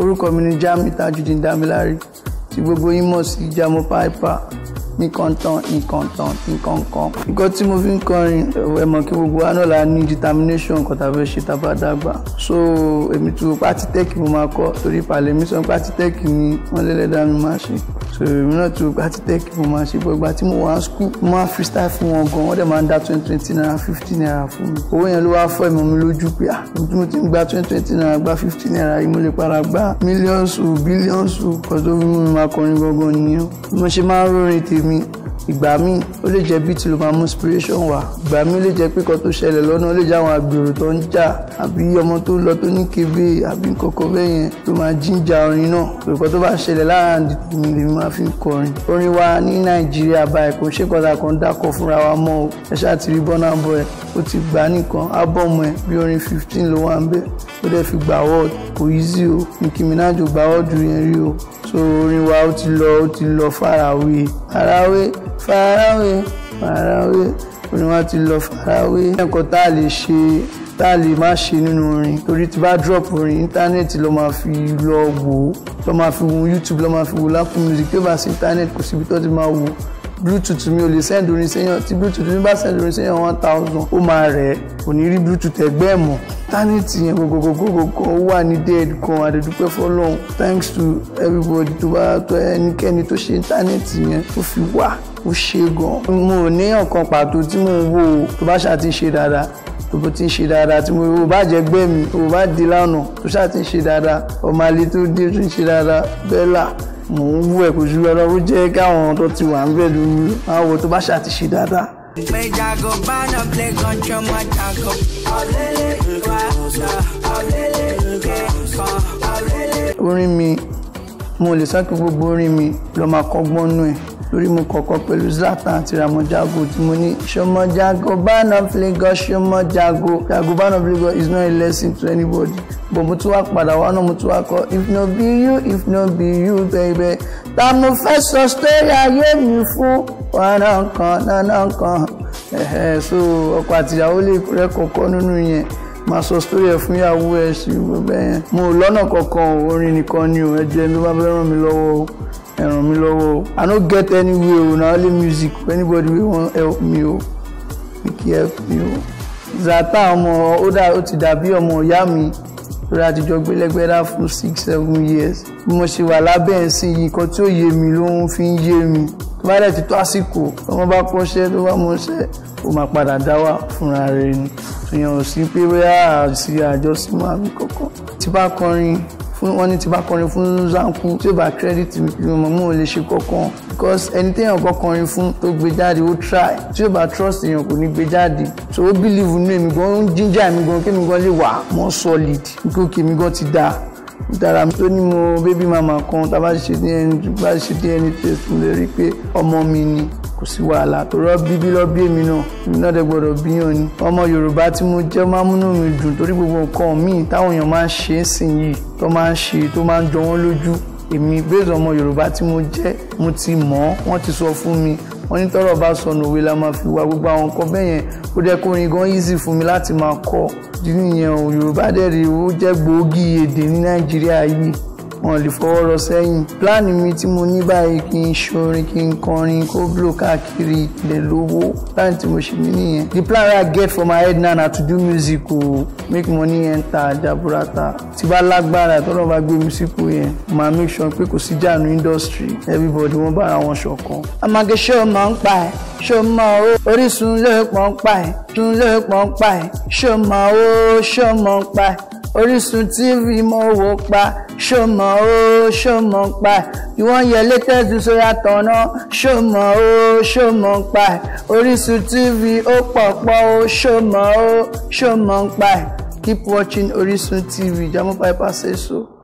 orúkọ mi ni Jamiu Tajudeen Damilare tí gbogbo yín mọ̀ sí Jamo Piper nìkan tán nìkan tán nìkan kan. nǹkan tí mo fi ń kọrin ẹ mọ̀ kí gbogbo wa náà la ní determination nǹkan tàbí ṣe tàbá dàgbà so èmi tó pátí tẹ́kì mo máa kọ́ torí palẹ̀ mi sọ pátí tẹ́kì ni wọ́n lẹ́lẹ́dá mi máa ṣe so èmi náà tó pátí tẹ́kì mo máa ṣe gbọ́gbà tí mo wà á skul mo máa freestyle fún wọn gan wọ́n dẹ̀ máa ń dá twenty twenty naira fifty naira fún mi owó yẹn ló wá fọ́ ẹ̀mọ́ mi lójú pé ah mo ti gba twenty twenty naira gba fifty naira yìí mo lè padà gba millions billions kọ́ tó fi mú mi máa kọrin gangan nìyẹn mo ṣe máa ń rọrin tèmi tèmi ìgbà míì ó lè jẹ́ bíìtì ló máa mú inspiration wá ìgbà míì ó lè jẹ́ pé kan tó ṣẹlẹ̀ lọ́nà ó lè jẹ́ àwọn agbèrò tó ń jà àbí ọmọ tó ń lọ tó ní kébé àbí nǹkan kan bẹ́ẹ̀ yẹn ló máa jíjà orin náà nǹkan tó bá ṣẹlẹ̀ láàárín mi lèmi máa fi kọrin orin wa ní nàìjíríà báyìí kò ṣe kọ́ta kan fúnra wa mọ́ o ẹ ṣáà ti rí bọ́nà bọ́ ẹ ó ti gbà nìkan ábọ̀mù ẹ bí orin fifteen ló wà ń bẹ́ẹ̀ ó dẹ̀ fi gbà wọ́ọ̀dù kò easy o Nicki Minaj ò gbà wọ́ọ̀dù yẹn rí o so orin wa ó ti lọ ó ti lọ farawé farawé farawé farawé orin wa ti lọ farawé. nǹkan tá a lè ṣe tá a lè má ṣe nínú orin torí tí bá drop orin íńtánẹ́ẹ̀tì ló máa fi lọ wò ó ló máa fi wo YouTube ló máa fi wo lápò music pé bá sí íńtánẹ́ẹ̀tì kò síbi tó ti máa wò ó bluetooth mi ò lè send orin séyàn tí bluetooth mi bá send orin séyàn one thousand ó máa rẹ̀ ẹ́ kò ní rí bluetooth ẹgbẹ́ ẹ̀ mọ́ tánìtì yẹn gògògògògò ó wà ní dead kan àdẹ̀dúpẹ́ fọlọ́run thanks to everybody tó bá tó ẹnikẹ́ni tó ṣe íńtánẹ́ẹ̀tì yẹn ó fi wà ó ṣe gan mo ò ní ọ̀kan pàtó tí mo ń wò ó tó bá ṣáà ti ṣe dáadáa tó bó ti ń ṣe dáadáa tí mo ò bá jẹ gbẹ mi ò bá di lánàá tó ṣáà ti ń ṣe dáadáa ọmọ àlè tó dé tó ń ṣe dáadáa bẹ́ẹ̀ mò ń wú ẹ̀ ju ẹ jẹ́ káwọn tó ti wà ń bẹ̀ lóru máa wo tó bá ṣàtìṣe dáadáa. Play Jago, banner, play control, my Jago. Orin mi, mo lè sá kí gbogbo orin mi lọ máa kọ́gbọ́n nú ẹ̀ torí mo kọ́kọ́ pẹ̀lú Zlatan àti Ramojago tí mo ní ṣọmọjago ban of Lagos ṣọmọjago jago ban of Lagos is not a lesson to anybody bò mo tún wá padà wá náà mo tún wá kọ if no be you if no be you baby ta mo fẹ́ sọ story ayé mi fún ọ̀nà kan ọ̀nà kan so ọkọ àtìyàwó lè rẹ́kọ̀ọ́kọ́ nínú yẹn máa sọ sórí ẹ̀ fún ìyàwó ẹ̀ sí gbogbo yẹn mo lọ́nà kankan orin nìkan ni o ẹ jẹ́ mi bá fẹ́ ràn mí lọ́wọ́ o ẹ ràn mí lọ́wọ́ o I no get any way o na only music anybody wey wan help me o make you help me o. Zata ọmọ ó ti dàbí ọmọ ìyá mi lórí àtijọ́ gbélẹ́gbẹ́dá fún six seven years bí mo ṣe wà lábẹ́ ẹ̀sìn yìí nǹkan tí ó yé mi ló ń fi ń yé mi tó bá dẹ̀ ti tó àsìkò tó wọ́n bá kọ́ṣẹ́ tó bá mọṣẹ́ ó máa padà dá wà fúnra rẹ̀ ni èèyàn ò sí pé bóyá àti àjọsímọ́ àbí kankan tí bá kọrin fún wọn ní tí bá kọrin fún zanku tí ó bá credit mi mi ò mọ̀ mú o lè ṣe kankan because ẹni téèyàn kọ́ kọrin fún tó gbé jáde ó try tí ó bá trust èèyàn kò ní gbé jáde so ó believe nínú èmi gan ó ń jíjà èmi gan kémi gan lè wà more solid nígbà òkè mi gan ti dáa dára tó ní mo bébí màmá kan tá a bá ṣe dna test mo lè rí i pé ọmọ mi ni kò sí wàhálà tòrọ bíbí lọ bí èmi náà èmi náà dẹ gbọ́dọ̀ bíyàn ni ọmọ yorùbá tí mo jẹ́ máa múnú mi dùn torí gbogbo nǹkan míì táwọn èèyàn máa ń ṣe é sìn yìí tó máa ń ṣe tó máa ń jọ wọ́n lójú èmi bẹ́ẹ̀ ọmọ yorùbá tí mo jẹ́ mo ti mọ̀ ọ́ wọ́n ti sọ fún mi wọ́n ní tọ́rọ̀ bá sọnù òwe la máa fi wá gbogbo àwọn nǹkan bẹ́ẹ̀ yẹn ó dẹ́ kórin gan easy fún mi láti máa kọ́ nínú ìyẹn o yorùbá dẹ̀ rí ó jẹ́ gbòógì èdè ní nàìjíríà yìí wọn lè fọwọ́ rọ sẹ́yìn pláàni mi tí mo ní báyìí kí n ṣorin kí n kọrin kó blow káàkiri ilẹ̀ lówó pláàni tí mo ṣe mí nìyẹn the plan wey i get for my head now na to do music o make money enter jaburata tí bá lágbára tọ́lọ́ bá gbé music yẹn máa make sure pé kò sí jàánu industry everybody wọ́n bára wọn ṣọ̀kan. amage ṣó mọ̀ ń pa ẹ̀ ṣó mọ̀ ó Orísun ló pọ̀ ń pa ẹ̀ tún ló pọ̀ ń pa ẹ̀ ṣó mọ̀ ó ṣó mọ̀ ń pa ẹ̀. Orísun TV mo wò pa ṣọmọ o ṣọmọ pa ìwọ́n yẹ latest sóyà tọ̀nà ṣọmọ o ṣọmọ pa Orísun TV ó pọ̀pọ̀ o ṣọmọ o ṣọmọ pa keep watching Orísun TV jamu piper say so.